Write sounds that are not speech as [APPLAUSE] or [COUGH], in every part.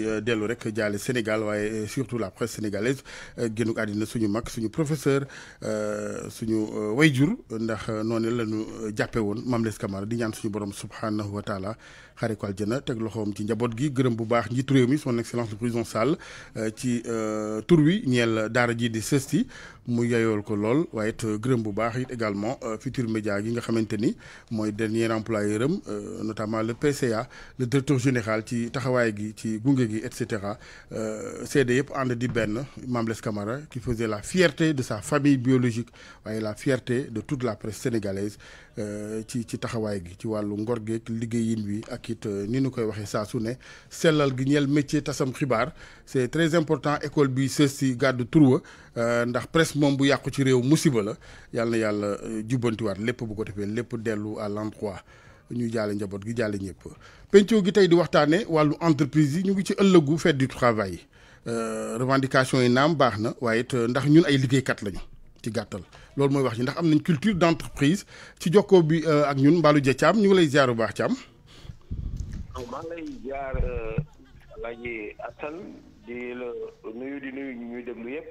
Euh, lors rek le Sénégal et euh, surtout la presse sénégalaise euh, nous Adina suñu mak suñu professeur suñu wayjur ndax noné lañu jappé di ñaan suñu borom subhanahu wa taala xari ko aljana loxom ci gi gërëm bu baax mi son excellence le président Sall ci tour wi ñël dara ji di mu ko lol waye également futur média gi nga dernier employeur notamment le PCA le directeur général ci taxaway gi ci gunge gi et cetera seede euh, membres ànd di ben Camara qui faisait la fierté de sa famille biologique et la fierté de toute la presse sénégalaise euh, ci ci taxaway gi ci walu ngor ak liggéeyin wi ak it euh, ni ñu koy waxe sa su ne le gi métier métier tasam xibar c'est très important école bi ceci garde gàddu euh ndax presse mom bu yàqu ci rew musiba la yalla yalla yàlla wat lepp bu ko defee lepp delu à l'endroit ñu jaale njaboot gi jaale ñëpp pencoo gi tey di waxtaanee wàllu entreprise yi ñu ngi ci ëllëgu fête du travail euh, revendication yi naam baax na waaye it euh, ndax ñun ay liggéeykat lañu ci gàttal loolu mooy wax ji ndax am nañ culture d'entreprise ci jokkoo bi euh, ak ñun Mbalou Dia ñu ngi lay ziar bu baax Thiam. maa ngi lay ziar Alaaji Assane di la nuyu di nuyu ñuy déglu yëpp.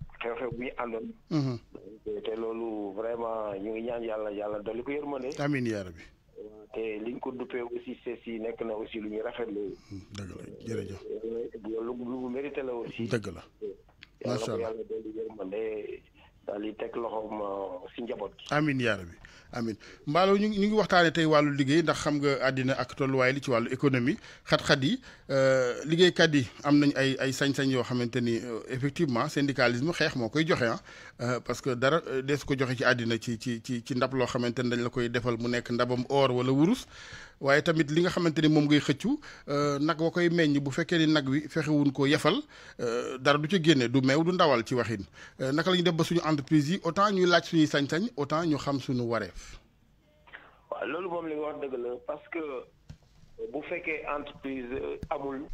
xew-xew bi ñu àndoon. Mhm. te loolu vraiment ñu ngi ñaan yàlla yàlla dolli ko yërmande. amiin yaa rabbi. te liñ ko duppee aussi c'est si nekk na aussi lu ñu rafetlu. Mhm, dëgg la jërëjëf. loolu lu mérité la aussi. dëgg la macha allah yàlla ko daal di teg loxoom euh, si njaboot gi. amiin yaa amin mbaalo ñu ngi ñu ngi waxtaanee tey wàllu liggéey ndax xam nga àddina ak tolluwaay li ci wàllu économie xat-xat yi euh, liggéeykat yi am nañ ay ay sañ-sañ yoo xamante ni euh, effectivement syndicalisme xeex moo koy joxe ah euh, parce que dara dees ko joxe ci àddina ci ci ci ci ndab loo xamante ni dañ la koy defal mu nekk ndabam or wala wurus waaye tamit li nga xamante ni moom ngay xëccu nag wa koy meññ bu fekkee ni nag wi fexewuñ ko yefal dara du ci génne du meew du ndawal ci waxin naka la ñu def ba suñu entreprise yi autant ñuy laaj suñuy sañ-sañ autant ñu xam suñu wareef waaw loolu moom li wax dëgg la parce que euh, bu fekkee entreprise euh, amul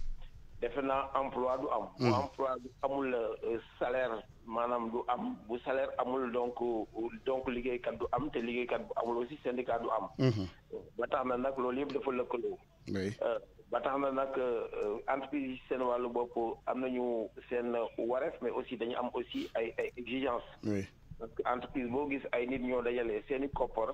defe naa emploi du am. bu mm. emploi du amul euh, salaire maanaam du am bu salaire amul donc donc liggéeykat du am te liggéeykat bu amul aussi syndicat du am. Mm-hmm. ba tax na nag loolu yëpp dafa lëkkaloo. ba tax na nag entreprise yi seen wàllu bopp am nañu seen wareef mais aussi dañu am aussi ay ay parce que entreprise boo gis ay nit ñoo dajale seen i koppar.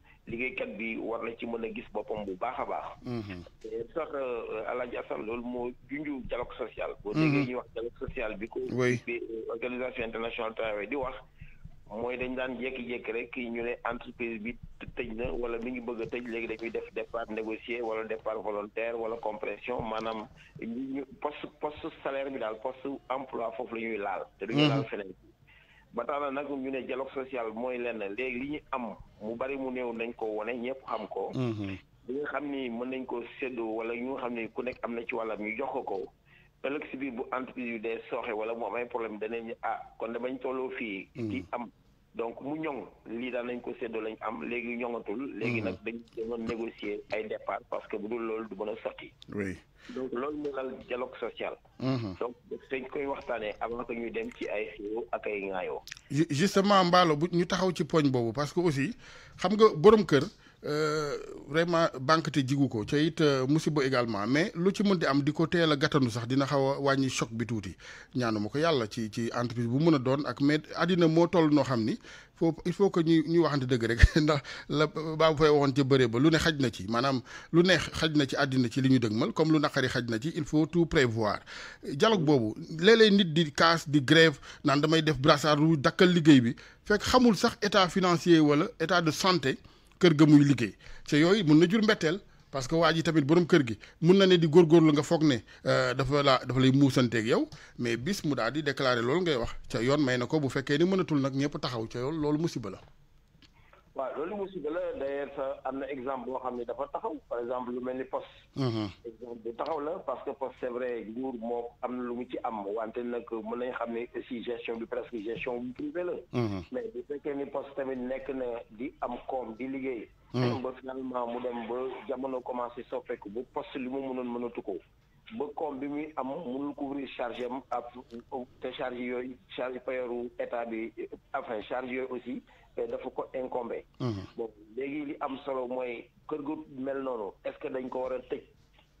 kat bi war na ci mën a gis boppam bu baax a baax. Mhm. sax euh, Alaaji Assane loolu moo junju dialogue social. Mhm. boo déggee ñuy wax dialogue social bi ko. bi euh, organisation internationale travail di wax. mooy dañ daan jékki-jékki rek ñu ne entreprise bi tëj na wala mi ngi bëgg a tëj léegi dañuy def départ négocier wala départ volontaire wala compression maanaam ñu poste poste salaire bi daal poste emploi foofu la ñuy laal. te du ñu mhm. laal feneen. ba tax nag moom ñu ne dialogue social mooy lenn léegi li ñu am mu bari mu néew nañ ko wone ñëpp xam ko. Mm-hmm. li nga xam ni mën nañ ko séddoo wala ñu nga xam ne ku nekk am na ci wàllam ñu jox ko ko ëllëg si biir bu entreprise yu dee sooxe wala moom am ay problème danañ ah kon damañ tolloo fii. ki mm-hmm. am donc mu ñong li da nañ ko séddo lañ am légui ñoŋatul. Mm-hmm. léegi nag dañ doon négocier ay départ parce que bu dul loolu du mën sorti oui donc lool mooy dal dialogue social. Mm-hmm. donc dañ koy waxtané avant que ñu dem ci ay xew ak ay ŋaayoo. justement Mballo bu ñu taxaw ci poñ bobu parce que aussi xam nga borom kër. Euh, vraiment banque te jigu ko ca it euh, musiba également mais lu ci mën di am di ko teel a gàttandu sax dina xaw a wàññi choc bi tuuti ñaanu ma ko yàlla ci ci entreprise bu mën a doon ak mais àddina moo toll noo xam ni faut il faut que ñuy ñuy waxante dëgg rek [LAUGHS] ndax la baabu fay waxoon ca bëre ba lu ne xaj na ci maanaam lu neex xaj na ci àddina ci li ñu dëgmal comme lu naqari xaj na ci il faut tout prévoir dialogue boobu léeg-léeg nit di casse di grève naan damay def brassard rouge dakkal liggéey bi fekk xamul sax état financier wala état de santé kër ga muy liggéey te yooyu mun na jur mbeteel parce que waa ji tamit borom kër gi mun na ne di góorgóorlu nga foog ne euh, dafa laa dafa lay muusanteek yow mais bis mu daal di déclarer loolu ngay wax ca yoon may na ko bu fekkee ni mënatul nag ñëpp taxaw ca yoon loolu musiba la. waaw loolu musiba la d'ailleurs sa am na exemple boo xam ne dafa taxaw par exemple lu mel ni poste mhm. exemple bu taxaw la parce que poste c'est vrai nguur moo am na lu mu ci am wante nag mën nañ xam ne aussi gestion bi presque gestion bu privé la mhm. mais bu fekkee ni poste tamit nekk na di am koom di liggéey mhm. ba finalement mu dem ba jamono commencé soppeeku ba poste li mu mënoon mënatu ko ba koom bi muy am mënul couvrir charge am ak te charge yooyu charge payeur état bi enfin charge yooyu aussi te dafa ko incombé. bon léegi li am solo mooy kër gu mel noonu est-ce que dañ ko war a tëj.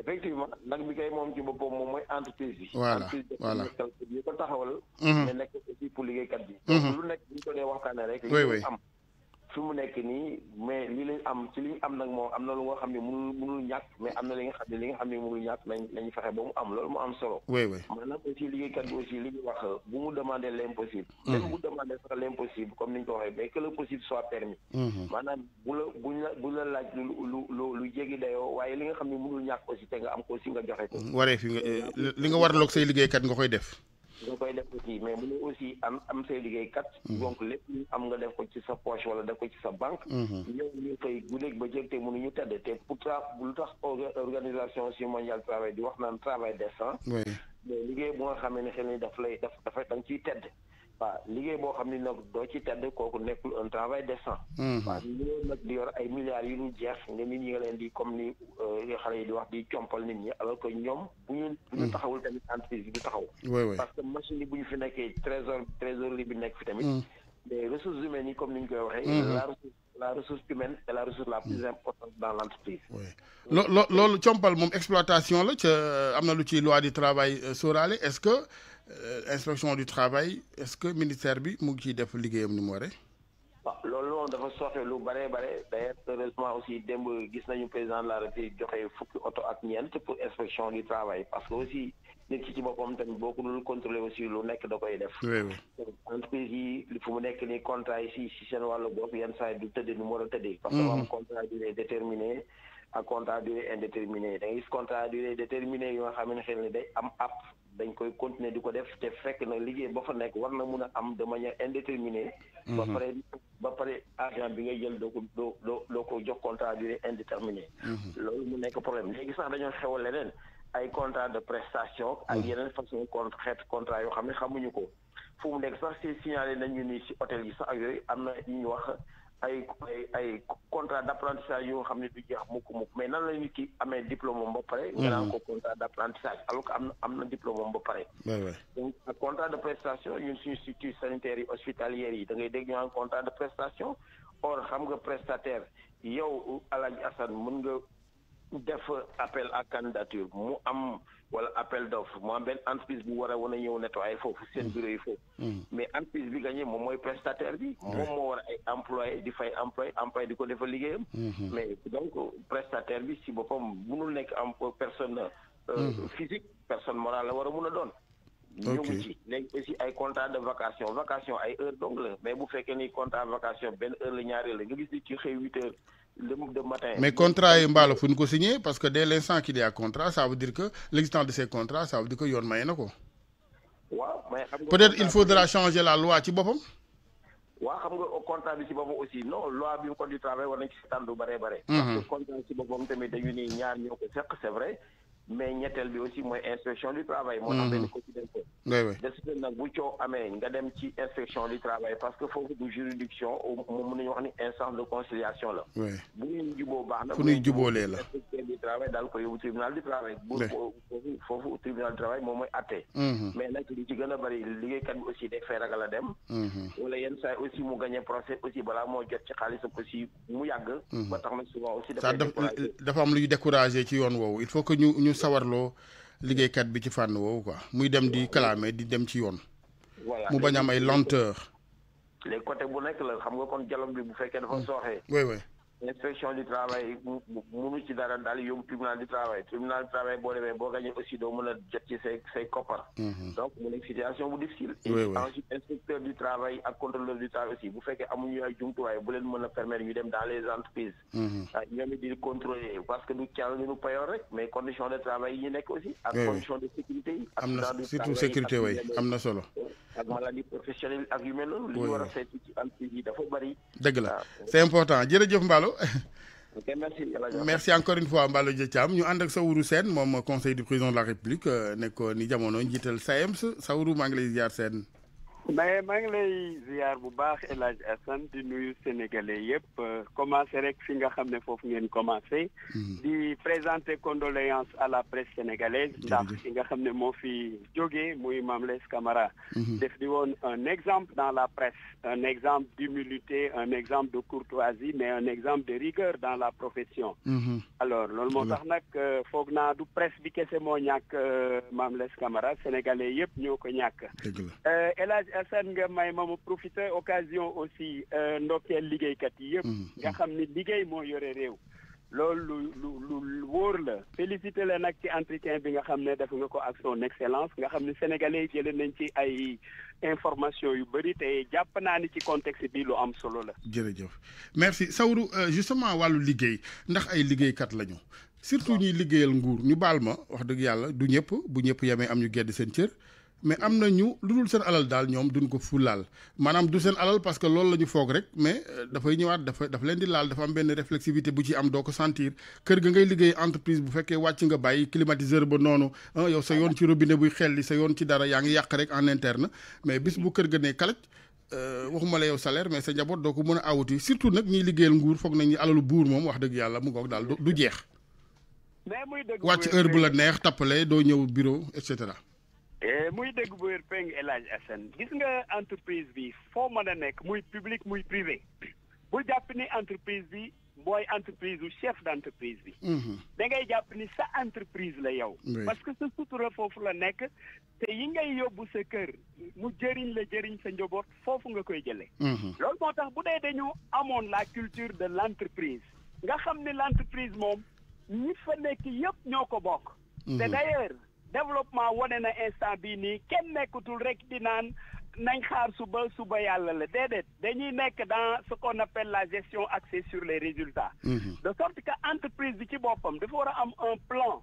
effectivement nag bi kay moom ci boppam moom mooy entreprise bi. voilà voilà entreprise bi ko taxawal. Mhm. mais nekk aussi pour liggéeykat bi. Mhm. lu nekk bu ñu dee waxtaanee rek. oui oui fi mu nekk nii mais li lañ am ci li ñu am nag moom am na lu nga xam ne mënul mënul ñàkk mais am na li nga xam ne li nga xam ne mënul ñàkk nañ nañ fexe ba mu am loolu mu am solo. oui oui maanaam bi aussi li mu demandé l' impossible. Mm-hmm. même bu demandé sax l' impossible comme ni ñu ko waxee mais que le possible soit permis. Mm-hmm. maanaam bu la buñ la laaj lu lu lu lu jéggi dayoo waaye li nga xam ne mënul ñàkk aussi te nga am ko aussi nga joxe ko. Mm-hmm. waree fi nga eh, li nga warloog say liggéeykat nga koy def. nga koy def aussi mais ne aussi am am say liggéeykat. Mhm. donc lépp lu am nga def ko ci sa poche wala def ko ci sa banque. ñëw mhm. ñu fay guddeeg ba jël te ñu tedd te pour tra lu tax organisation si mondiale travail di wax naan travail décent. mais liggéey bu nga xamee ne xel ni daf lay daf dafay da nga ciy tedd. waaw liggéey boo xam ni nag doo ci tedd kooku nekkul un travail décent. Hmm. waaw loolu nag di yor ay milliards yu ñu jeex nga nit ñi nga leen di comme ni euh, xale yi di wax di compal nit ñi alors que ñoom bu ñu. bu ñu hmm. taxawul tamit entreprise bi du taxaw. parce que machine yi bu ñu fi nekkee trésor trésorerie bi nekk fi tamit. Hmm. mais ressources humaines yi comme ni ñu koy waxee la ressource humaine est la ressource la plus importante dans l'entreprise. oui exploitation la euh, loi du travail euh, est ce que euh, inspection du travail est ce que ministère bi mou def du ni Lolo, dafa lu bare aussi nañu président de la République pour inspection du travail parce que aussi. nit ki ci boppam tamit boo ko dul contrôler aussi lu nekk da koy def. entreprise yi fu mu nekk nii contra yi si seen wàllu bopp yenn saa du tëddee nu mu war a tëddee. parce que am mhm. contrat durée déterminée ak contrat durée indéterminée da ngay gis contrat durée déterminée yoo xam ne xel ni day am app. dañ koy continuer di ko def te fekk na liggéey ba fa nekk war na mun a am de manière indéterminée. Mhm. ba pare ba pare agent bi nga jël doo ko doo doo ko jox contrat durée indéterminée. Mhm. loolu mu nekk problème léegi sax dañoo xew leneen ay contrat de prestation. ak mhm. yeneen façon con xeet contrat yoo xam ne xamuñu ko. fu mu nekk sax si signalé nañu ni si hôtel yi sax ak yooyu am na ñu wax. ay ay contrat d'apprentissage yoo xam ne du jeex mukk mukk mais nan la nit ki amee diplôme ba pare. Mm-hmm. nga naan ko contrat d'apprentissage alors am na am na diplôme ba pare. donc contrat de prestation ñun suñu structure sanitaire yi hospitalières yi da ngay dégg ñu naan contrat de prestation or xam nga prestataire yow Alaaji Assane mën nga def appel à candidature mu am. wala appel d'offre mu am entreprise bu a seen mm. bureau yi mm. mais entreprise bi gagné prestataire bi ay employé di fay employé employé di mm-hmm. mais donc prestataire si boppam munul nekk am personne euh, mm-hmm. physique personne morale vous war doon ñu contrat de vacation vacation ay heure donc mais bu ni contrat vacation heure la nga gis ci 8 heures le de matin. Mais contrat est mbalo, faut nous signer parce que dès l'instant qu'il y a un contrat, ça veut dire que l'existence de ces contrats, ça veut dire que y a un Peut-être il faudra changer la loi, tu vois wa xam nga contrat bi ci bopam aussi non loi bi ko du travail war nañ ci seetaan bare bare parce que contrat ci bopam tamit dañu ni ñaar ñoko c'est vrai mais ñettal bi aussi moy inspection du travail. mon tax mhm. benn confidentiel. oui oui nak bu coow amé nga dem ci inspection du travail parce que fofu du juridiction mo mën wax ni instance de conciliation la. oui bu ñuy juboo baax na. fu ñuy juboolee la inspecteur du travail dal ko yóbbu tribunal du travail. bu foofu foofu tribunal du travail moom moy atté mhm. mais nag li ci gën bari bëri liggéeykat bi aussi day fay ragal dem. Mhm. wala yeen saa aussi mu gagner procès aussi balaa mo jot ci xaalisam aussi mu yàgg. ba tax na souvent aussi. dafa dafa am lu décourager ci yoon wowo il faut que ñu ñu sawarloo liggéeykat bi ci fànn woowu ko muy dem di kalaame di dem ci yoon. mu bañ am ay lenteur. léegi côté bu nekk la xam nga kon dialogue bi bu fekkee dafa sooxee. oui oui l'inspection du travail mu mu ci dara daal yóbbu tribunal du travail tribunal du travail boo demee aussi doo mën a jot ci say mhm. donc mu situation difficile. oui ensuite inspecteur du travail un contrôleur du travail aussi Vous faites que ay jumtuwaay bu vous voulez a permettre ñu dem dans les entreprises. Mhm. ah ñoom it di contrôler parce que nous nous, ñu payoon rek mais condition de travail y en a aussi. les condition de sécurité c'est une sécurité oui. amna solo. ak maladie professionnelle ak yu a ci bari. Ah. c'est important merci. encore une fois Mballo Dia ñu and ak Saourou Sène mom conseil du président de la République euh, nekkoon ni jamono njiital SAEMS Saourou maa ngi lay ziar Sène mais mangley ngi lay ziar bu baax El Hadj di nuyu sénégalais yépp euh, commencé rek fi nga xam ne foofu ngeen commencé. Mhm. di présenter condoléances à la presse sénégalaise. ndax fi nga xam ne moo fi jógee muy Mame Less Camara. Mhm. def di woon un exemple dans la presse un exemple d'humilité un exemple de courtoisie mais un exemple de rigueur dans la profession. Mhm. alors loolu moo tax nag euh, foog naa du presse bi kese moo ñàkk euh, Mame Less Camara sénégalais yépp ñoo ko ñàkk. Assane nga may ma ma profiter occasion aussi euh, ndokkeel liggéeykat yi yëpp. Mm-hmm. nga xam ni liggéey moo yore réew. loolu lu lu lu wóor la félicité la nag ci entretien bi nga xam ne def nga ko ak son excellence nga xam ne sénégalais jëlee nañ ci ay information yu bëri te jàpp naa ni ci contexte bi lu am solo la. jërëjëf merci Saourou euh, justement wàllu liggéey ndax ay liggéeykat lañu. surtout ñuy liggéeyal nguur ñu baal ma wax dëgg yàlla du ñëpp bu ñëpp yamee am ñu gedd seen cër mais am na ñu seen alal daal ñoom duñ ko fulal manam du seen alal parce que loolu lañu ñu foog rek mais euh, dafay ñëwaat dafa daf leen di laal dafa am benn réflexivité bu ci am doo ko sentir kër ga ngay liggéey entreprise bu fekkee wàcc nga bàyyi climatiseur ba noonu ah, yow sa yoon ci robinet buy xelli sa yoon ci dara yaa ngi yàq rek en interne mais bis bu kër ga ne kalaj euh, waxuma la yow salaire mais sa njaboot doo ko mën a awuti surtout nag ñiy liggéeyal nguur foog nañ ni alalu buur moom wax dëgg yàlla mu ngoog daal du jeex wàcc heure bu la neex tappale doo ñëw bureau et cetera Eh, muy dégg bu wér peng El Hadj Assane gis nga entreprise bi foo mën a nekk muy public muy privé bu jàpp ni entreprise bi mooy entreprise u chef d'entreprise bi mhm. da ngay jàpp ni sa entreprise la yow parce que sa sutura foofu la nekk te yi ngay yóbbu sa kër mu jëriñ la jëriñ sa njaboot foofu nga koy jëlee mhm. loolu moo tax bu dee dañu amoon la culture de l'entreprise nga xam ne l'entreprise moom ñi fa nekk yépp ñoo ko bokk mhm. te d'ailleurs développement wane na instant bii nii kenn nekkatul rek di naan nañ xaar suba suba yàlla la déedéet dañuy nekk dans ce qu'on appelle la gestion axée sur les résultats mhm. de sorte que entreprise bi ci boppam dafa war a am un plan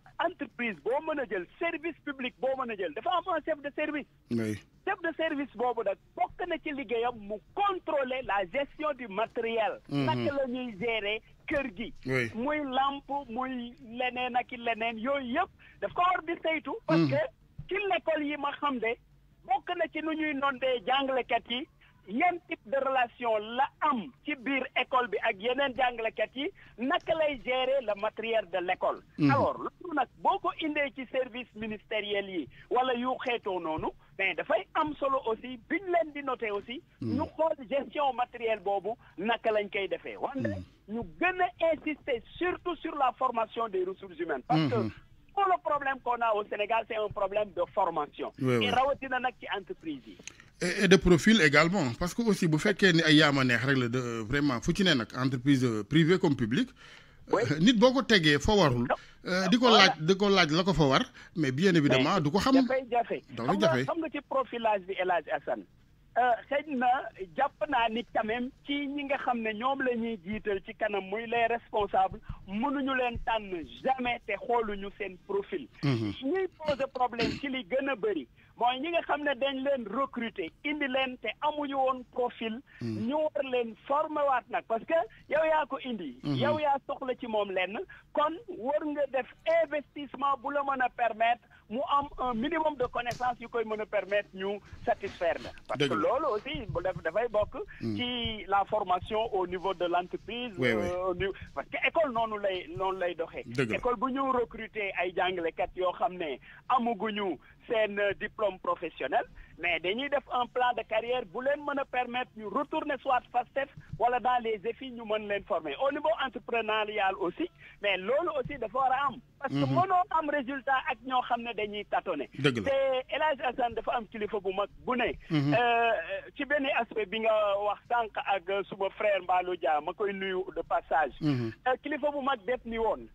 entreprise boo mën a jël service public boo mën a jël dafa am un chef de service. oui chef de service boobu nag bokk na ci liggéeyam mu contrôler la gestion du matériel. Mhm. naka la gérer kër gi. muy lamp muy leneen ak leneen yooyu yëpp daf ko war di saytu. Mhm. parce que ci l'école yi ma xam de bokk na ci lu ñuy nondee jàngalekat yi. un type de relation la am ci biir école bi ak yeneen jàngalekat yi naka lay gérer le matériel de l'école. école mhm. alors loolu nag boo ko indee ci service ministériel yi wala yu xeetoo noonu mais dafay am solo aussi biñ leen di noté aussi mhm. ñu xool gestion matériel boobu naka lañ koy defee wante mhm. ñu gën a insister surtout sur la formation des ressources humaines parce que tout le problème qu'on a au Sénégal c'est un problème de formation et rawatina nag ci entreprise yi et de profil également parce que aussi bu faites ni ay yaama neex rek de euh, vraiment fu ci ne entreprise euh, privée comme publique. Euh, nit boo ko tegee fa warul. di ko laaj di ko laaj war. mais bien évidemment du ko xam. dafay jafe xam nga xam nga ci profilage bi El Hadj Assane. xëy na jàpp naa ni quand même ci ñi nga xam ne ñoom la ñuy ci kanam muy les responsables ñu leen tan jamais te xooluñu sen profil. Mhm. ñuy poser problème ci li gëna bëri. mooy ñi nga xam ne dañ leen recruter indi leen te amuñu woon profil. Hmm. ñu war leen former nag parce que yow yaa ko indi. Hmm. yow yaa soxla ci moom lenn kon war nga def investissement bu la mën a permettre. mu un minimum de connaissances qui koy mën a permettre ñu satisfaire parce que loolu aussi dafay bokk hmm. ci la formation au niveau de l'entreprise euh, parce que école noonu lay noonu lay doxee école bu ñu recruter ay jàngalekat yoo xam ne amuguñu diplôme professionnel mais dañuy def un plan de carrière bu leen mën a permettre ñu retourner soit FASTEF wala dans les effets ñu mën leen former au niveau entrepreneurial aussi mais loolu aussi dafa war a am. parce que mhm. mënoo am résultat ak ñoo xam ne dañuy tâtonner. dëgg te El Hadj Assane dafa am kilifa bu mag bu ne. Mhm. Euh, ci benn aspect bi nga wax sànq ak suba frère Mballo Dia ma koy nuyu de passage. Mhm. Euh, kilifa bu mag def ni woon.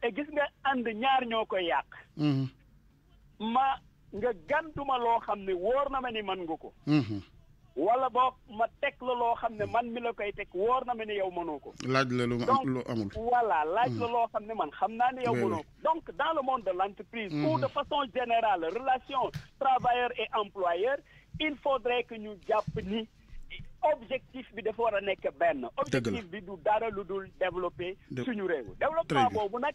te gis nga ànd ñaar ñoo koy yàq. ma nga gantuma loo xam ne wóor na ma ni man nga ko mhm. wala boo ma teg la loo xam ne man mi la koy teg wóor na ma ni yow mënoo ko laaj la lu lu amul voilà laaj la mhm. loo xam ne man xam naa ne yow mënoo ko donc dans le monde de l'entreprise mhm. ou de façon générale relation travailleur et employeur il faudrait que ñu jàpp ni objectif bi dafa war a nekk benn objectif bi du dara lu dul développer suñu réew développement boobu nag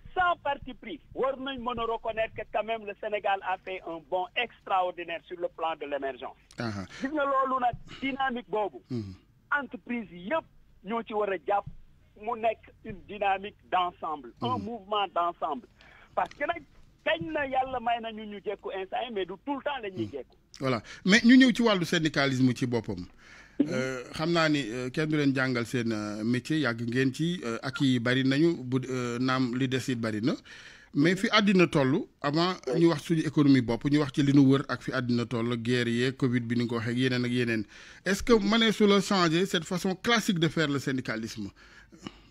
sans parti pris war nañ reconnaître que quand même le Sénégal a fait un bond extraordinaire sur le plan de l'émergence. C'est uh-huh. gis dynamique bobo, mm-hmm. entreprise yep, ñoo une dynamique d'ensemble, un mm-hmm. mouvement d'ensemble. parce que quand avons na yàlla may nous ñu mais tout le temps mm-hmm. voilà mais nous avons le Sénégalisme syndicalisme Euh, xam naa ni euh, kenn du leen jàngal seen euh, métier yàgg ngeen ci ak yi bari nañu bu naam li des it bari na mais fi àddina toll avant ñu wax suñu économie bopp ñu wax ci li nu wër ak fi àddina toll guerre yeeg Covid bi ni nga ko waxee yeneen ak yeneen est-ce que mënee su la changer cette façon classique de faire le syndicalisme.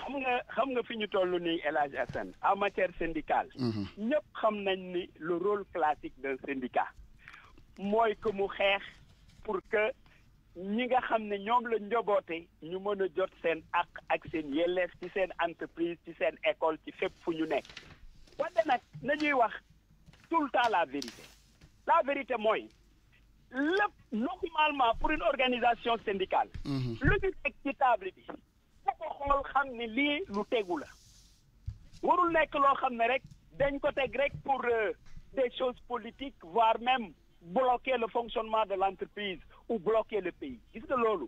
xam nga xam nga fi ñu toll nii El Hadj en matière syndicale. Mhm. ñëpp xam nañ ni le rôle classique d'un syndicat. mooy que mu xeex pour que ñi nga xam ne ñoom la njoboote ñu mën a jot seen ak ak seen yelleef ci seen entreprise ci seen école ci fépp fu ñu nekk. wante nag nañuy wax tout le temps la vérité la vérité mooy. lépp normalement pour une organisation syndicale. Mhm. lu ñu teg ci table bi ko xool xam ne lii lu tegu la warul nekk loo xam ne rek dañ ko teg rek pour des choses politiques voire même bloquer le fonctionnement de l'entreprise ou bloquer le pays gis nga loolu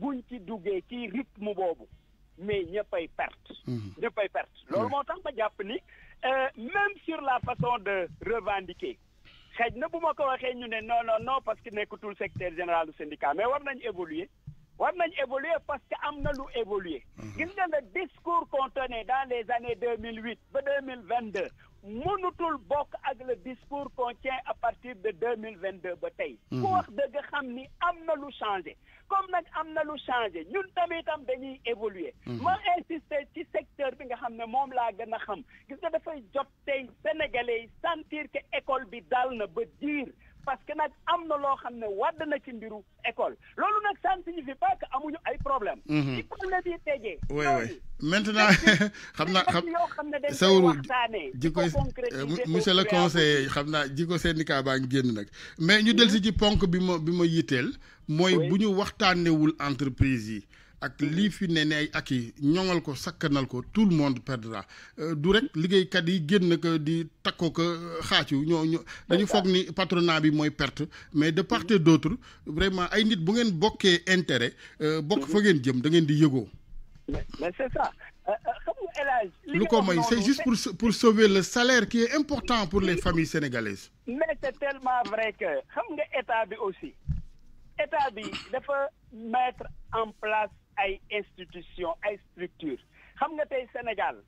buñ ci duggee ci rythme boobu mais ñëppay perte mhm. ñëppay perte loolu moo tax ba jàpp ni euh, même sur la façon de revendiquer xëy na bu pas ko waxee ñu ne non non non parce que le secteur général du syndicat mais war nañ évoluer on nañ évoluer parce que am évoluer mhm. le discours qu'on dans les années 2008 2022 le discours qu'on à partir de 2022. Mhm. changé comme changé ñun évoluer mhm. ma insister ci secteur bi nga ne sénégalais sentir que école bi dal parce que nag am na loo xam ne wàdd na ci mbiru école loolu nag ça signifie pas que amuñu ay problème mhm. ci problème yi maintenant [LAUGHS] xam na xam yoo xam ne dañ koy waxtaanee ji ko euh, monsieur le conseiller xam naa ji ko syndicat baa génn nag mais ñu mhm. del si ci ponk bi ma bi ma yitteel mooy bu ñu waxtaanewul entreprise yi ak lii fi ne ay ak yi ko sakkanal ko tout le monde perdra euh, du rek liggéeykat yi génn ko di takkoo ko euh, xaacu ñoo ñoo dañu foog ni patronat bi moy perte mais de part et d'autre vraiment ay nit bu ngeen bokkee intérêt euh, bok fa ngeen jëm da ngeen di yego. mais c'est ça lu ko mooy c'est juste pour pour sauver le salaire qui est important pour les familles sénégalaises mais c'est tellement vrai que xam nga état bi aussi état bi dafa mettre en place ay institution ay structure xam nga tey Sénégal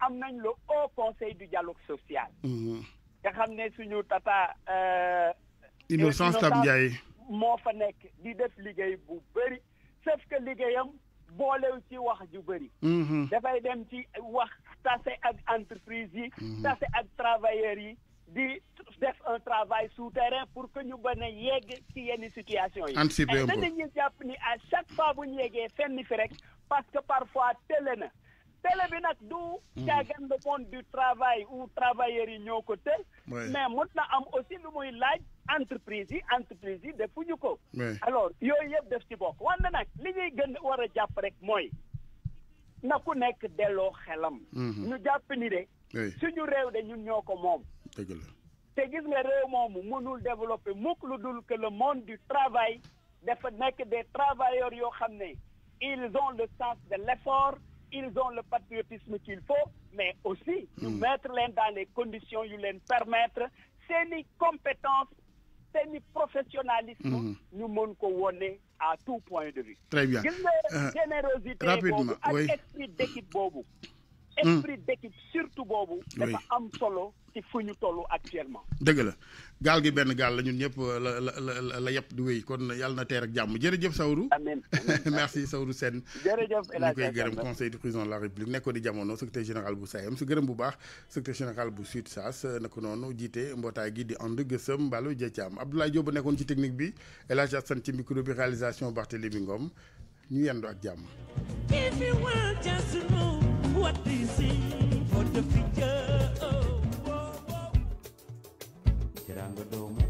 am nañ le haut conseil du dialogue social mhm. nga xam ne suñu tata euh, Innocence Ntap Ndiaye moo fa nekk di def liggéey bu bëri sauf que liggéeyam boolew ci wax ju bëri mhm. dafay dem ci wax tase ak entreprise yi mhm. tase ak travailleurs yi di def un travail souterrain pour que ñu mën yegg ci yenn situation yi. anticiper un peu dañuy jàpp ni à chaque fois bu ñu yeggee fenn fi rek parce que parfois télé na télé bi nak du. Hmm. caagan le monde du travail ou travailleurs yi ñoo ko mais mën na am aussi lu muy laaj entreprise yi entreprise yi fuñu ko. alors yooyu yëpp def ci bokk wan nag li ñuy gën war a jàpp rek mooy na ku nekk delloo xelam. Hmm. ñu jàpp ni de. suñu réew de ñun ñoo ko moom. C'est te gis que le monde du travail dafa nekk des travailleurs yoo ils ont le sens de l'effort ils ont le patriotisme qu'il faut mais aussi hmm. mettre l'un dans les conditions yu leen permettre seeni compétence seeni professionnalisme nous hmm. mën ko à tout point de vue Très bien. Euh, Mm. esprit d'équipe surtout bobu dafa am solo ci fu ñu toll actuellement. dëgg la gal gi ben gal la ñun ñëpp euh, la la la la yëpp di wéy kon yàlla na teer ak jàmm jërëjëf Saourou. [LAUGHS] merci Saourou sen jërëjëf El Hadj ñu koy gërëm conseil de président de la république nekkoon di jamono secrétaire général bu SAEMS su gërëm bu baax secrétaire général bu SUTSAS euh, naka noonu jiite mbootaay gi di ànd gëssëm balu Diatiam Abdoulaye jobu nekkon ci technique bi El Hadj Assane ci micro bi réalisation Barthélémy Ngom ñu yendo ak jàmm. what they see for the future. Oh, oh, oh.